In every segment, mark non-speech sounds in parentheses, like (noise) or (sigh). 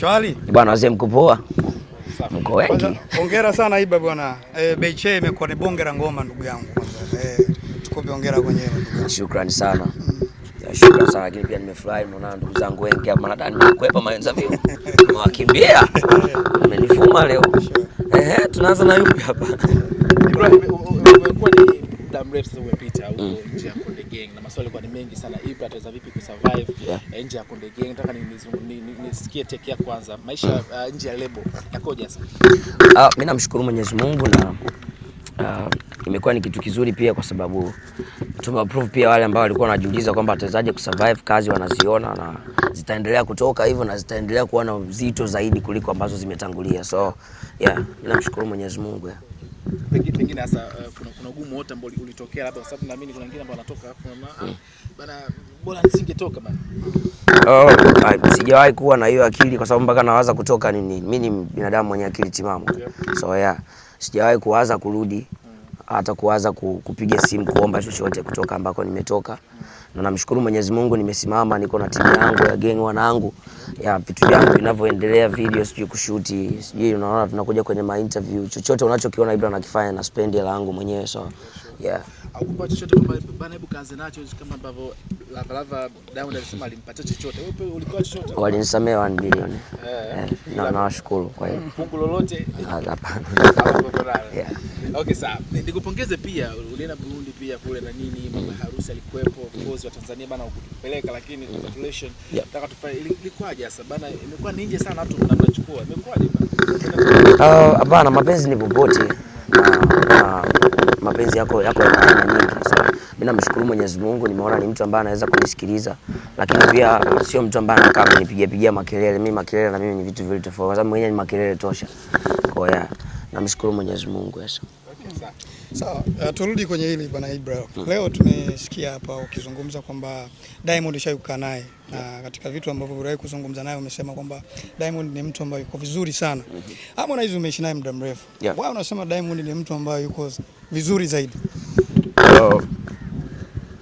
Chwali. Bwana wazee mkupoa Mko wengi. Hongera sana Iba bwana. Eh, Beche imekuwa ni bonge la ngoma ndugu yangu. Eh, tukupe hongera kwenye hilo. Shukrani sana. Ya shukrani sana lakini pia nimefurahi naona ndugu zangu wengi hapa nadhani nimekwepa maenza vile. Nimewakimbia. Umenifuma leo. Eh, tunaanza na yupi hapa? Ibrahim, umekuwa ni muda mrefu umepita huko Gang na maswali kwa ni mengi sana, ipi ataweza vipi kusurvive yeah. Eh, nje ya Konde Gang. Nataka nisikie teke yako kwanza, maisha uh, nje ya lebo yakoje sasa? Uh, ah, mimi namshukuru Mwenyezi Mungu na uh, imekuwa ni kitu kizuri pia, kwa sababu tumeprove pia wale ambao walikuwa wanajiuliza kwamba watawezaje kusurvive, kazi wanaziona na zitaendelea kutoka hivyo na zitaendelea kuwa na uzito zaidi kuliko ambazo zimetangulia. So yeah, namshukuru Mwenyezi Mungu. yeah pengine pengine hasa uh, kuna kuna ugumu wote ambao ulitokea labda kwa sababu naamini kuna wengine ambao wanatoka bana mm. bana, bora nisingetoka bana. Oh, sijawahi kuwa na hiyo akili kwa sababu mpaka nawaza kutoka nini. Mimi ni binadamu mwenye akili timamu. So yeah, sijawahi kuwaza kurudi mm. hata kuwaza kupiga simu kuomba chochote kutoka ambako nimetoka. Mm na namshukuru Mwenyezi Mungu, nimesimama niko na timu yangu ya gengi wanangu ya vitu vyangu vinavyoendelea, video sijui kushuti sijui, unaona tunakuja kwenye ma interview, chochote unachokiona Ibra anakifanya na spendi langu mwenyewe so Yeah. Akupa chochote kwamba bana, hebu kaanze nacho kama ambavyo Lava Lava Diamond alisema chochote. Wewe ulikuwa chochote? Walinisamea bilioni. Eh, eh, eh. Na nawashukuru kwa hiyo. Fungu lolote? Hapana. (laughs) Yeah. Okay, sawa. Nikupongeze pia ulienda Burundi pia kule na nini, mama harusi alikuwepo, of course wa Tanzania bana lakini congratulations. Nataka tufanye ilikuwaje sasa bana? Imekuwa ni nje sana watu mnachukua. Imekuwaje bana? Ah, mapenzi ni popote. Na ah, ah mapenzi yako yako yana aina nyingi. So mimi namshukuru Mwenyezi Mungu, nimeona ni mtu ambaye anaweza kunisikiliza, lakini pia sio mtu ambaye anakaa kunipigia pigia makelele. Mimi makelele na mimi ni vitu vile tofauti, kwa sababu mwenyewe ni makelele tosha. Kwa hiyo namshukuru Mwenyezi Mungu. Yes. Sawa, uh, turudi kwenye hili bwana Ibra. Hmm. Leo tumesikia hapa ukizungumza kwamba Diamond ushawahi kukaa naye na katika vitu ambavyo uliwahi kuzungumza naye umesema kwamba Diamond ni mtu ambaye yuko vizuri sana. Hmm. Ama ah, na hizo umeishi naye muda mrefu. Wao unasema Diamond ni mtu ambaye yuko vizuri zaidi.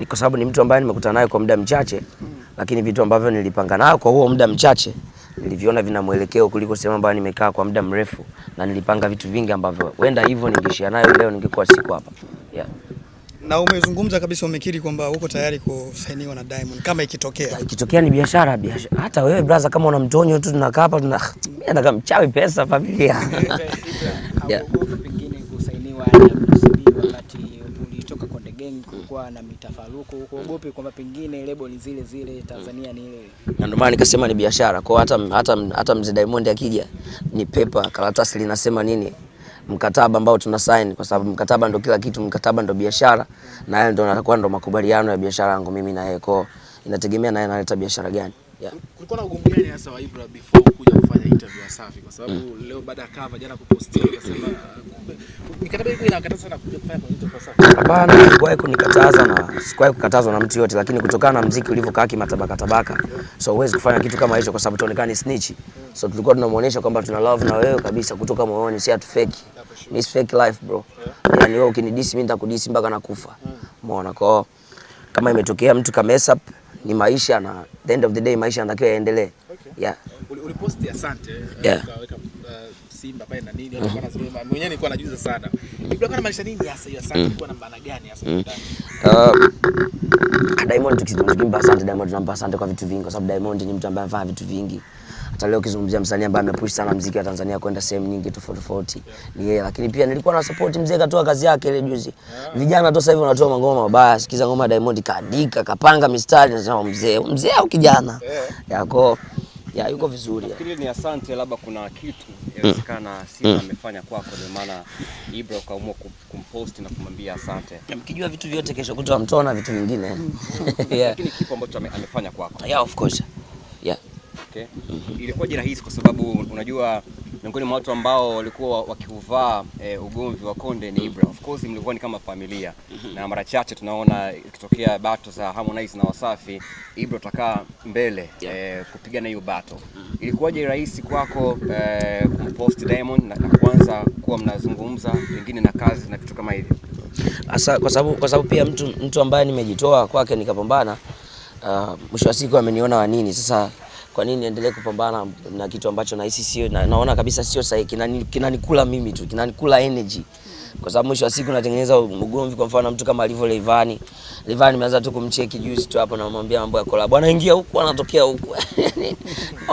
ni kwa sababu ni mtu ambaye nimekutana naye kwa muda mchache, hmm. lakini vitu ambavyo nilipanga nayo kwa huo muda mchache niliviona vina mwelekeo kuliko sehemu ambayo nimekaa kwa muda mrefu, na nilipanga vitu vingi ambavyo wenda hivyo ningeishia nayo leo, ningekuwa siku hapa yeah. Na umezungumza kabisa, umekiri kwamba uko tayari kusainiwa na Diamond kama ikitokea. Ikitokea ni biashara biashara. Hata wewe brother, kama una mtonyo tu tunakaa hapa tuna (laughs) mimi nataka mchawi pesa familia. (laughs) yeah kunakuwa na mitafaruku, kuogopi kwamba pengine lebo ni zile zile, Tanzania ni ile Na ndio maana nikasema ni biashara kwao, hata, hata, hata mzee Diamond akija ni pepa, karatasi linasema nini mkataba ambao tuna sign, kwa sababu mkataba ndo kila kitu, mkataba ndo biashara na yeye ndo natakuwa ndo makubaliano ya biashara yangu mimi na yeye, kwa inategemea na yeye analeta biashara gani. Yeah. Kulikuwa na ugomvi gani hasa wa Ibra before kuja kufanya interview Safi? Kwa sababu mm. leo baada ya cover jana kupostia akasema Hapana, sikuwahi kunikataza na sikuwahi kukatazwa na mtu yote, lakini kutokana na mziki ulivyokaa kimatabaka tabaka, so huwezi kufanya kitu kama hicho, kwa sababu ni snitch. So tulikuwa tunamuonyesha kwamba tuna love na wewe kabisa kutoka moyoni, si atu fake. Miss fake life bro, yani wewe ukinidisi mimi nitakudisi mpaka nakufa, umeona? Kwa kama imetokea mtu ka mess up, ni maisha na the end of the day maisha yanatakiwa yaendelee. Yeah, uliposti asante, yeah uh, Simba pale na nini, watu wana mwenyewe nilikuwa najuza sana. Ibra Ibrahim maanisha nini hasa hiyo Asante ilikuwa na maana gani hasa? Mm. Ah, Diamond tukizungumzia Asante, Diamond tunampa Asante kwa vitu vingi kwa sababu Diamond ni mtu ambaye anafanya vitu vingi. Hata leo ukizungumzia msanii ambaye amepush sana muziki wa Tanzania kwenda sehemu nyingi tofauti tofauti ni yeye, lakini pia nilikuwa na support mzee, katoa kazi yake ile juzi. Vijana tu sasa hivi wanatoa mangoma mabaya, sikiza ngoma Diamond kaandika, kapanga mistari, nasema mzee, mzee au kijana yako ya yuko vizuri. Nafikiri ni asante, labda kuna kitu inawezekana mm. Simba mm. amefanya kwako, ndio maana Ibra ukaamua kumpost na kumwambia asante. Mkijua vitu vyote, kesho kutwa mtona vitu vingine. Mm. (laughs) Lakini kipo ambacho amefanya kwako. Yeah, of course. Yeah. Okay. Ilikuwa rahisi kwa sababu unajua miongoni mwa watu ambao walikuwa wakiuvaa e, eh, ugomvi wa Konde ni Ibra. Of course mlikuwa ni kama familia mhm. na mara chache tunaona ikitokea bato za Harmonize na Wasafi, Ibra utakaa mbele e, kupigana hiyo battle. Ilikuwaje rahisi kwako e, kumpost Diamond na, na kwanza kuwa mnazungumza pengine na kazi na vitu kama hivyo? Asa, kwa sababu kwa sababu pia mtu, mtu ambaye nimejitoa kwake nikapambana, uh, mwisho wa siku ameniona wa nini sasa kwa nini niendelee kupambana na kitu ambacho nahisi sio na, naona kabisa sio sahihi, kinani, kinanikula mimi tu, kinanikula energy kwa sababu mwisho wa siku natengeneza mgomvi. Kwa mfano mtu kama alivyo Levani, Levani ameanza tu kumcheki juzi tu hapo, namwambia mambo ya collab, anaingia huku anatokea huku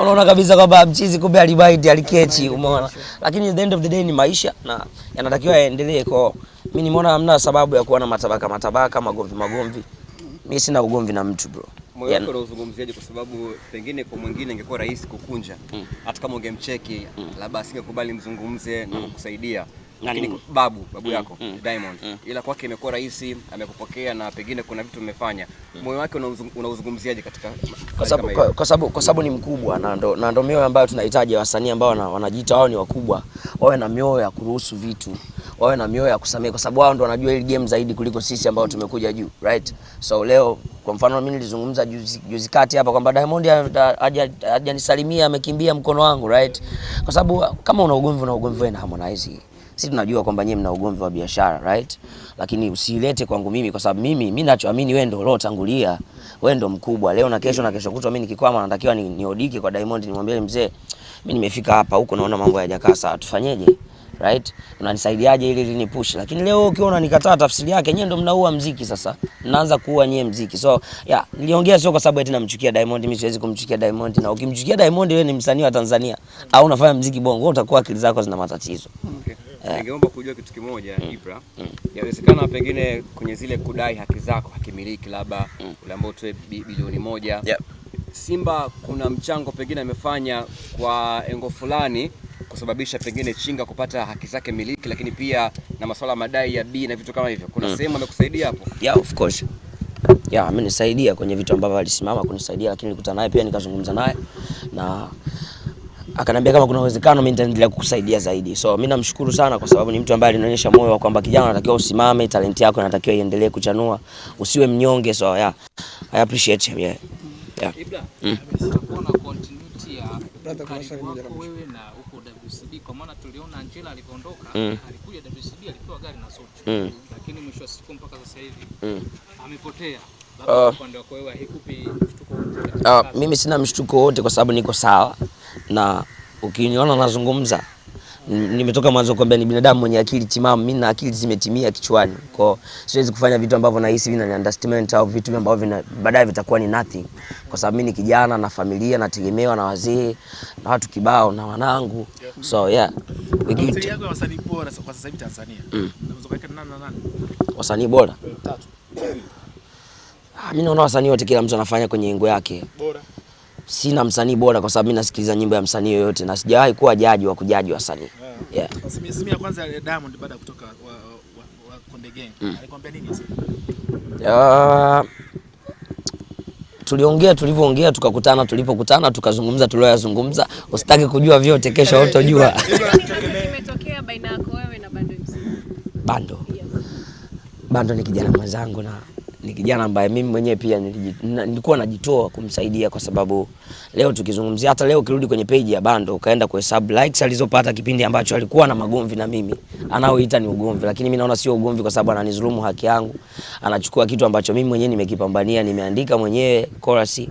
unaona (laughs) kabisa kwamba mchizi, kumbe alibaiti alikechi, umeona. Lakini at the end of the day ni maisha na yanatakiwa yaendelee. Kwa mimi nimeona hamna sababu ya kuwa na matabaka matabaka, magomvi magomvi mi sina ugomvi na mtu bro. Moyo wako unauzungumziaje? Kwa sababu pengine kwa mwingine ingekuwa rahisi kukunja mm. hata kama ungemcheki mm. labda asingekubali mzungumze na mm. kukusaidia yaani lakini babu babu yako Diamond, ila kwake imekuwa rahisi, amekupokea na pengine kuna vitu mmefanya. Moyo wake unauzungumziaje katika, kwa sababu kwa sababu ni mkubwa na ndo, na ndo mioyo ambayo tunahitaji wasanii ambao wanajiita wao ni wakubwa wawe na mioyo ya kuruhusu vitu wawe na mioyo ya kusamehe, kwa sababu wao ndo wanajua hili game zaidi kuliko sisi ambao tumekuja juu right. So leo kwa mfano mimi nilizungumza juzi, juzi kati hapa kwamba Diamond hajanisalimia amekimbia mkono wangu right, kwa sababu kama una ugomvi na ugomvi wewe na Harmonize sisi tunajua kwamba nyinyi mna ugomvi wa biashara right, lakini usilete kwangu mimi, kwa sababu mimi mimi nachoamini, wewe ndio uliotangulia, wewe ndio mkubwa leo na kesho na kesho kutwa. Mimi nikikwama, natakiwa niodiki ni kwa Diamond, nimwambie mzee, mimi nimefika hapa, huko naona mambo hayajakaa sawa, tufanyeje? right? Unanisaidiaje ili lini push? Lakini leo ukiona nikataa, tafsiri yake nyewe ndo mnaua mziki. Sasa naanza kuua nyewe mziki. So yeah, niliongea sio kwa sababu eti namchukia Diamond. Mimi siwezi kumchukia Diamond, na ukimchukia Diamond wewe ni msanii wa Tanzania au unafanya mziki bongo, wewe utakuwa akili zako zina matatizo. Okay. Eh. Ningeomba kujua kitu kimoja mm. Ibra. Mm. Yawezekana pengine kwenye zile kudai haki zako hakimiliki, labda mm. ule ambao tuwe bilioni moja Simba kuna mchango pengine amefanya kwa engo fulani kusababisha pengine Chinga kupata haki zake miliki, lakini pia na masuala madai ya bii na vitu kama hivyo. Kuna mm. sehemu amekusaidia hapo? Yeah, of course. Yeah, amenisaidia kwenye vitu ambavyo alisimama kunisaidia, lakini nilikutana naye pia nikazungumza naye na akaniambia kama kuna uwezekano mimi nitaendelea kukusaidia zaidi. So mimi namshukuru sana kwa sababu ni mtu ambaye alinionyesha moyo wa kwamba kijana, anatakiwa usimame, talent yako inatakiwa iendelee kuchanua, usiwe mnyonge. So yeah, I appreciate him yeah. Yeah. Mm kwa wewe na huko WCB, kwa maana tuliona Angela alivyoondoka, mm. alikuja WCB alipewa gari na sote, mm. lakini mwisho wa siku mpaka sasa hivi mm. amepotea. Uh, uh, Mimi sina mshtuko wote kwa sababu niko sawa, na ukiniona nazungumza nimetoka mwanzo kwamba ni binadamu mwenye akili timamu. Mimi na akili zimetimia kichwani, kwa siwezi kufanya vitu ambavyo nahisi vina understatement au vitu ambavyo vina baadaye vitakuwa ni nothing, kwa sababu mimi ni kijana na familia nategemewa na wazee na watu kibao na wanangu, so yeah. Wasanii bora, mimi naona wasanii wote, kila mtu anafanya kwenye engo yake sina msanii bora, kwa sababu mimi nasikiliza nyimbo ya msanii yoyote na sijawahi kuwa jaji wa kujaji wasanii. Yeah. ya kwanza ya Diamond baada ya kutoka Konde Gang mm. alikwambia nini sasa? Tuliongea tulivyoongea, tukakutana tulipokutana, tukazungumza tulioyazungumza. Usitaki kujua vyote, kesho utajua. (laughs) baina yako wewe na Bando. Bando ni kijana mwenzangu na ni kijana ambaye mimi mwenyewe pia nilikuwa najitoa kumsaidia, kwa sababu leo tukizungumzia, hata leo ukirudi kwenye page ya Bando ukaenda kuhesabu likes alizopata kipindi ambacho alikuwa na magomvi na mimi, anaoita ni ugomvi, lakini mimi naona sio ugomvi, kwa sababu ananizulumu haki yangu, anachukua kitu ambacho mimi mwenyewe nimekipambania, nimeandika mwenyewe chorus,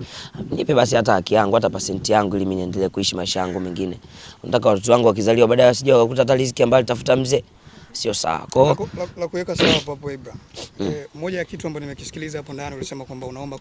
nipe basi hata haki yangu, hata percent yangu, ili mimi niendelee kuishi maisha yangu mengine. Nataka watoto wangu wakizaliwa baadaye wasije wakakuta hata riziki ambayo alitafuta mzee sio sawa. Kwa hiyo la la, la kuweka sawa hapo Ibra. Mm. E, moja ya kitu ambacho nimekisikiliza hapo ndani ulisema kwamba unaomba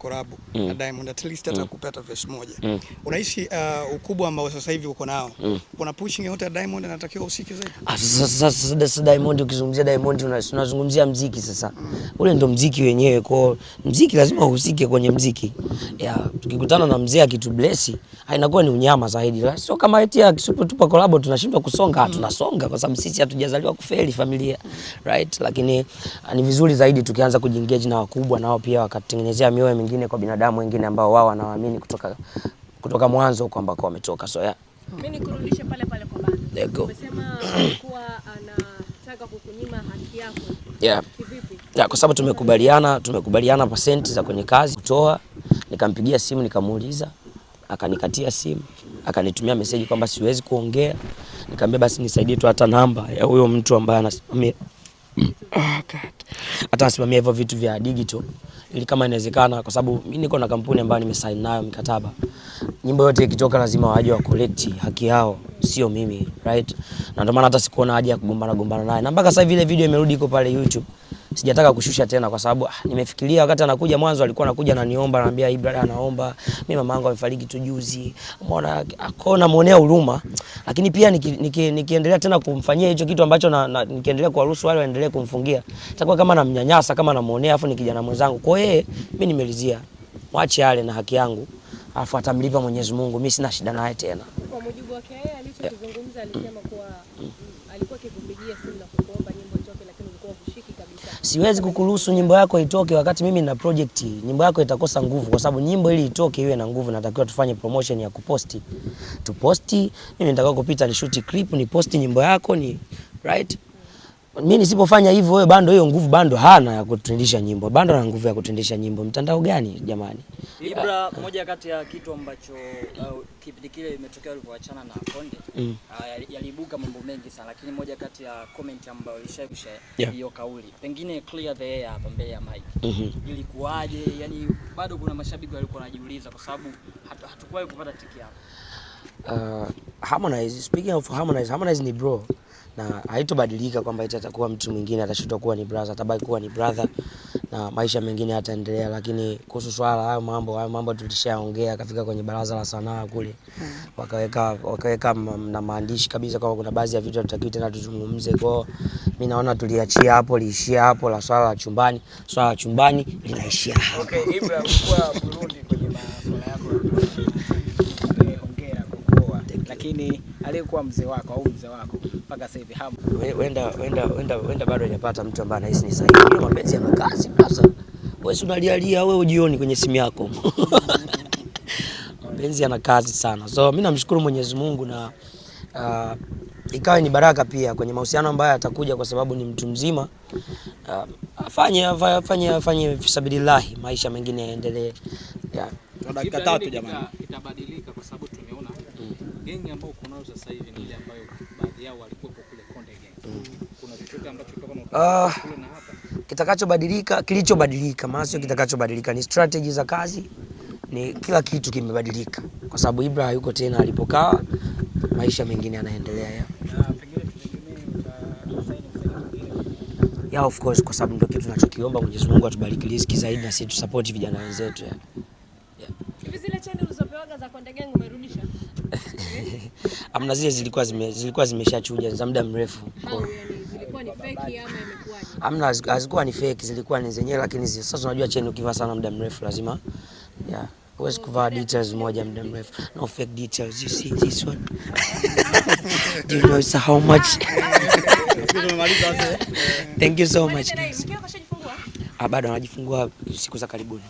mm. na Diamond at least hata mm. kupata verse moja. Mm. Unahisi uh, ukubwa ambao sasa hivi uko nao. Mm. Una pushing yote ya Diamond anatakiwa usike zaidi. Ah, sasa sasa Diamond ukizungumzia Diamond unazungumzia mziki sasa. Ule ndo mziki wenyewe. Kwa hiyo mziki lazima uhusike kwenye mziki. Ya, tukikutana na mzee akitu bless, hainakuwa ni unyama zaidi. Sio kama eti akitupa collab tunashindwa kusonga, mm. tunasonga kwa sababu sisi hatujazaliwa kufeli familia right, lakini ah, ni vizuri zaidi tukianza kujiengage na wakubwa, nao pia wakatengenezea mioyo mingine kwa binadamu wengine ambao wao wanawaamini kutoka, kutoka mwanzo huko ambako wametoka. So yeah. Mimi nikurudishe pale pale kwa baba. Umesema (clears throat) kuwa anataka kukunyima haki yako. Yeah. Yeah, kwa sababu tumekubaliana tumekubaliana pasenti za kwenye kazi kutoa, nikampigia simu nikamuuliza, akanikatia simu, akanitumia meseji kwamba siwezi kuongea. Nikamwambia basi nisaidie tu hata namba ya huyo mtu ambaye anasimamia hata asimamia hivyo vitu vya digital, ili kama inawezekana, kwa sababu mimi niko na kampuni ambayo nimesign nayo mkataba. Nyimbo yote ikitoka lazima waje wa collect haki yao, sio mimi right? Na ndio maana hata sikuona haja ya kugombana gombana naye, na mpaka sasa ile video imerudi iko pale YouTube sijataka kushusha tena, kwa sababu ah, nimefikiria wakati anakuja mwanzo alikuwa anakuja ananiomba, anambia hii brada, anaomba mimi mama yangu amefariki tu juzi, umeona akao, namuonea huruma, lakini pia nikiendelea niki, niki tena kumfanyia hicho kitu ambacho na, na nikiendelea kuwaruhusu wale waendelee kumfungia, itakuwa kama namnyanyasa, kama namuonea, afu ni kijana mwenzangu. Kwa hiyo mimi nimelizia mwache yale na haki yangu, afu atamlipa Mwenyezi Mungu, mimi sina shida naye tena. Kwa mujibu wake yeye alichozungumza alisema siwezi kukuruhusu nyimbo yako itoke wakati mimi na project. Nyimbo yako itakosa nguvu, kwa sababu nyimbo ili itoke iwe na nguvu, natakiwa tufanye promotion ya kuposti, tuposti. Mimi nitakao kupita ni shoot clip, ni posti nyimbo yako ni right mimi nisipofanya hivyo, wewe bando hiyo nguvu bando hana ya kutundisha nyimbo, bando na nguvu ya kutundisha nyimbo. Mtandao gani jamani? Ibra, moja kati ya kitu ambacho uh, kipindi kile imetokea alivyoachana na Konde mm. uh, yalibuka mambo mengi sana, lakini moja kati ya comment ambayo ilishaikusha yeah. hiyo kauli pengine clear the air hapa mbele ya mic mm -hmm. Ilikuwaje? Yani bado kuna mashabiki walikuwa wanajiuliza kwa sababu hatu, hatukuwahi kupata tiki hapo. Uh, Harmonize, speaking of Harmonize, Harmonize ni bro na haitobadilika kwamba eti atakuwa mtu mwingine, atashindwa kuwa ni brother, atabaki kuwa ni brother na maisha mengine yataendelea. Lakini kuhusu swala hayo mambo hayo mambo tulishaongea, kafika kwenye baraza la sanaa kule wakaweka wakaweka na maandishi kabisa kwamba kuna baadhi ya vitu hatutakiwi tena tuzungumze. Kwa hiyo mimi naona tuliachia hapo, liishia hapo la swala la chumbani. Swala la chumbani linaishia hapo. Okay, Ibra kwa Burundi kwenye masuala yako. Lakini aliyekuwa mzee wako au mzee wako mpaka sasa hivi hapo, wenda wenda wenda wenda bado hajapata mtu ambaye anahisi ni sahihi. Hiyo mapenzi ya makazi sasa, wewe si unalialia wewe ujioni kwenye simu yako (laughs) mapenzi yana kazi sana, so mimi namshukuru Mwenyezi Mungu na uh, ikawa ni baraka pia kwenye mahusiano ambayo atakuja, kwa sababu ni mtu mzima. Uh, afanye afanye afanye fisabilillahi, maisha mengine yaendelee, yeah. Dakika tatu jamani, itabadilika. Gengi ambao uko nayo sasa hivi ni ile ambayo baadhi yao walikuwa kule Konde Gang. Kuna chochote ambacho kama na ah, kule na hapa? Kitakachobadilika, kilichobadilika, maana sio kitakachobadilika, ni strategy za kazi, ni kila kitu kimebadilika kwa sababu Ibra hayuko tena alipokaa, maisha mengine yanaendelea ya. Ya, of course kwa sababu ndio kitu tunachokiomba Mwenyezi Mungu atubariki riziki zaidi na sisi tusupport vijana wenzetu ya. Yeah. Hivi zile channel ulizopewaga za Konde Gang umerudisha? (laughs) amna zile zilikuwa zime, zilikuwa zimeshachuja za muda mrefu. Amna hazikuwa ni fake, zilikuwa ni zenyewe, lakini sasa unajua cheni ukivaa sana muda mrefu lazima yeah. Huwezi kuvaa details moja muda mrefu. No fake details. You see this one? (laughs) Do you know it's how much? (laughs) Thank you so much. Ah, bado anajifungua siku za karibuni.